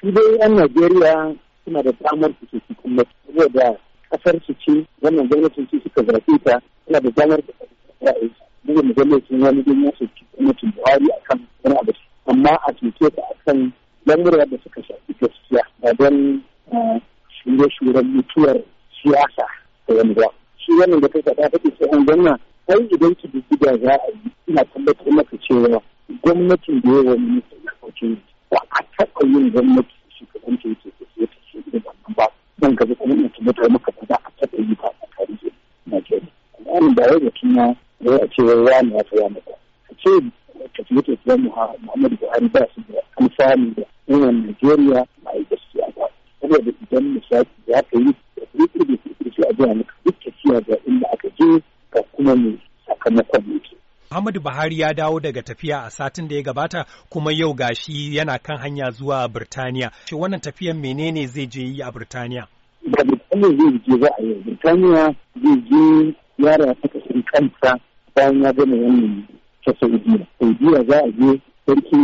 su dai yan najeriya suna da damar su ke cikin mace saboda kasar su ce wannan gwamnatin su suka zaɓe ta suna da damar da ra'ayi bugun da gwamnatin wani gwamnati su ci gwamnatin buhari a kan wani abu amma a cece ta a kan lamura da suka shafi gaskiya ba don eh, shure-shuren mutuwar siyasa da wani ba shi wannan da ta faɗa take sai an gwamna ai idan ki bi da za a yi ina tabbatar maka cewa gwamnatin da yawa ministan harkokin taɓa yin gwamnati shugaban ta yake tafiye ta ce wannan ba don gaba kuma ina tabbatar maka ba za a taɓa yi ba a tarihin Najeriya. ke da yau da tuna da ya ce ya ne ya tsaya maka. A ce tafiye tafiye Muhammadu Buhari ba su da alfanu da yawan Najeriya ba a yi gaskiya ba. Saboda idan misali za ka yi da kirkiri da a jiya maka duk tafiya da inda aka je ka kuma ne sakamakon Ahmadu Buhari ya dawo daga tafiya a satin da ya gabata kuma yau gashi yana kan hanya zuwa Birtaniya. Shi wannan tafiyan menene zai je yi a Birtaniya? Da Birtaniya zai je za a yi. Birtaniya zai je yara ta kasar kansa bayan ya gama wannan ta Saudiya. Saudiya za a je sarki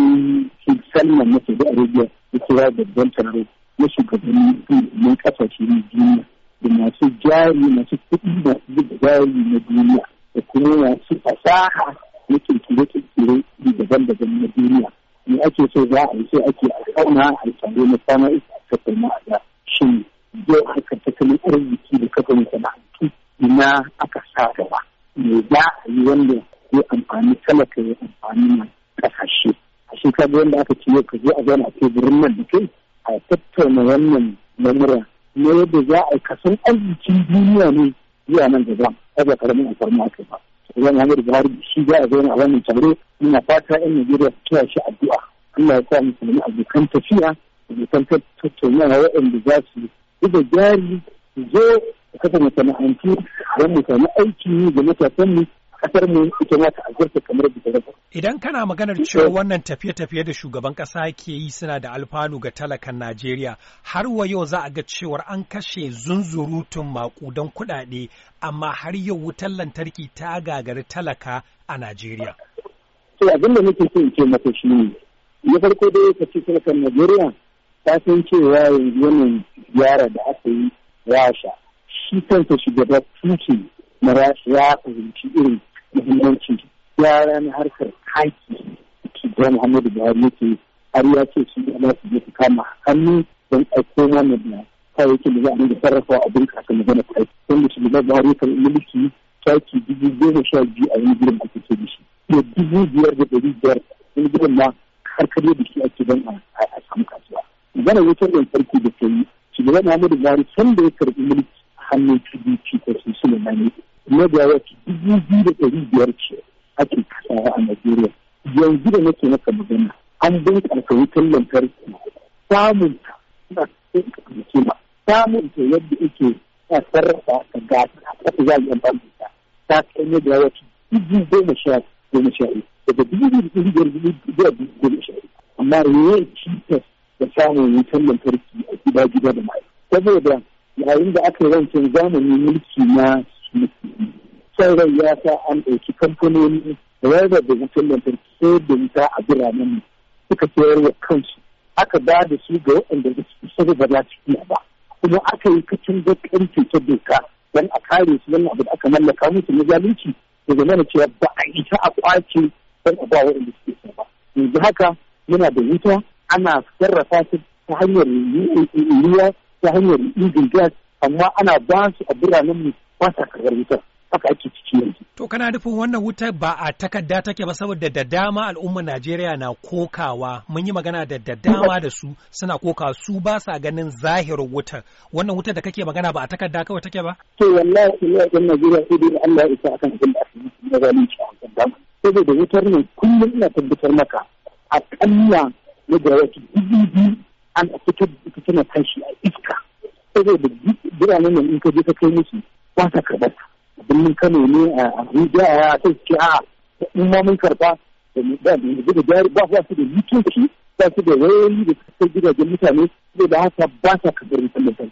Sheikh Salman na Saudi Arabia ya kira babban taro na shugabannin na kasashe na duniya da masu jari masu kuɗi masu zuba jari na duniya. kuma masu fasaha na kirkire-kirkire daban-daban na duniya me ake so za a yi so ake a kauna a tsaro na kwana isa a kafa a shin haka ta tattalin arziki da kafa sana'antu na aka sa gaba me za a yi wanda ya amfani talaka ya amfani na kasashe a shekaru wanda aka ce ka zo a zauna a teburin nan da kai a tattauna wannan lamura na yadda za a kasan arzikin duniya ne zuwa nan gaba kaga karamin alfarmu aka ba idan Muhammadu Buhari shi za a zauna a wannan tare ina fata yan Najeriya su kiyaye shi addu'a Allah ya sa musulmi abokan tafiya abokan tattaunawa waɗanda za su buga jari su zo a kafa masana'antu don mu samu aiki da matasanmu kasar mu ita ma ta azurta kamar da Idan kana maganar cewa wannan tafiye-tafiye da shugaban kasa ke yi suna da alfanu ga talakan Najeriya har wa yau za a ga cewar an kashe zunzurutun makudan kuɗaɗe amma har yau wutar lantarki ta gagari talaka a Najeriya. To abin da nake so in ce maka shi ne na farko dai ka ce talakan Najeriya ta san cewa yanzu wannan ziyara da aka yi Rasha shi kansa shugaba Putin na Rasha ya fahimci irin muhimmanci yara na harkar haki da muhammadu buhari yake har ya ce su ma su je su kama hannu don aiko mana da ta da za a nuna sarrafa abin kasa magana kai wanda su da buhari kan mulki taki dubu goma sha biyu a wani gurin ake ce da shi da dubu biyar da ɗari biyar wani gurin ma har kare da shi ake don a samu kasuwa magana wutar farko da ta yi shugaban muhammadu buhari sanda ya karɓi mulki hannun megawatt dubu biyu da ɗari biyar ce ake kasawa a Najeriya. Yanzu da nake maka magana an bunƙasa wutar lantarki samun ta suna cikin kima samun ta yadda ake a sarrafa ta gasa a ƙasa za a yi amfani da ta ta kai megawatt dubu goma sha goma sha uku daga dubu biyu da ɗari biyar dubu goma sha uku amma yawan cikas da samun wutar lantarki a gida gida da mai. Saboda yayin da aka yi rancen zamani mulki na son rai ya sa an ɗauki kamfanoni rarra da wutan lantarki sai da wuta a biranen mu suka sayar wa kansu aka ba da su ga waɗanda ba su saba ba za su iya ba kuma aka yi kacin da ƙarfe ta doka don a kare su don abu da aka mallaka musu na zalunci da zama cewa ba a ita a kwace don a ba waɗanda suke so ba yanzu haka muna da wuta ana sarrafa su ta hanyar ruwa ta hanyar injin gas amma ana ba su a biranen mu ba sa karɓar wutar haka ake ciki yanzu. To kana nufin wannan wutar ba a takarda take ba saboda da dama al'ummar Najeriya na kokawa mun yi magana da da dama da su suna koka su ba sa ganin zahirin wutar wannan wutar da kake magana ba a takarda kawai take ba. To wallahi ina a Najeriya sai dai Allah ya isa akan abin da ake yi na zalunci a kan dama. Saboda wutar ne kullum ina tabbatar maka a kalla na wata dubu biyu an fitar da ita tana kashi a iska. Saboda biranen nan in ka je ka kai musu ba ta karɓar birnin kano ne a abuja a ta ce a in ma mun karba da da jari ba ba su da mutunci ba su da wayoyi da suka gidajen mutane da haka ba sa kabarin sallan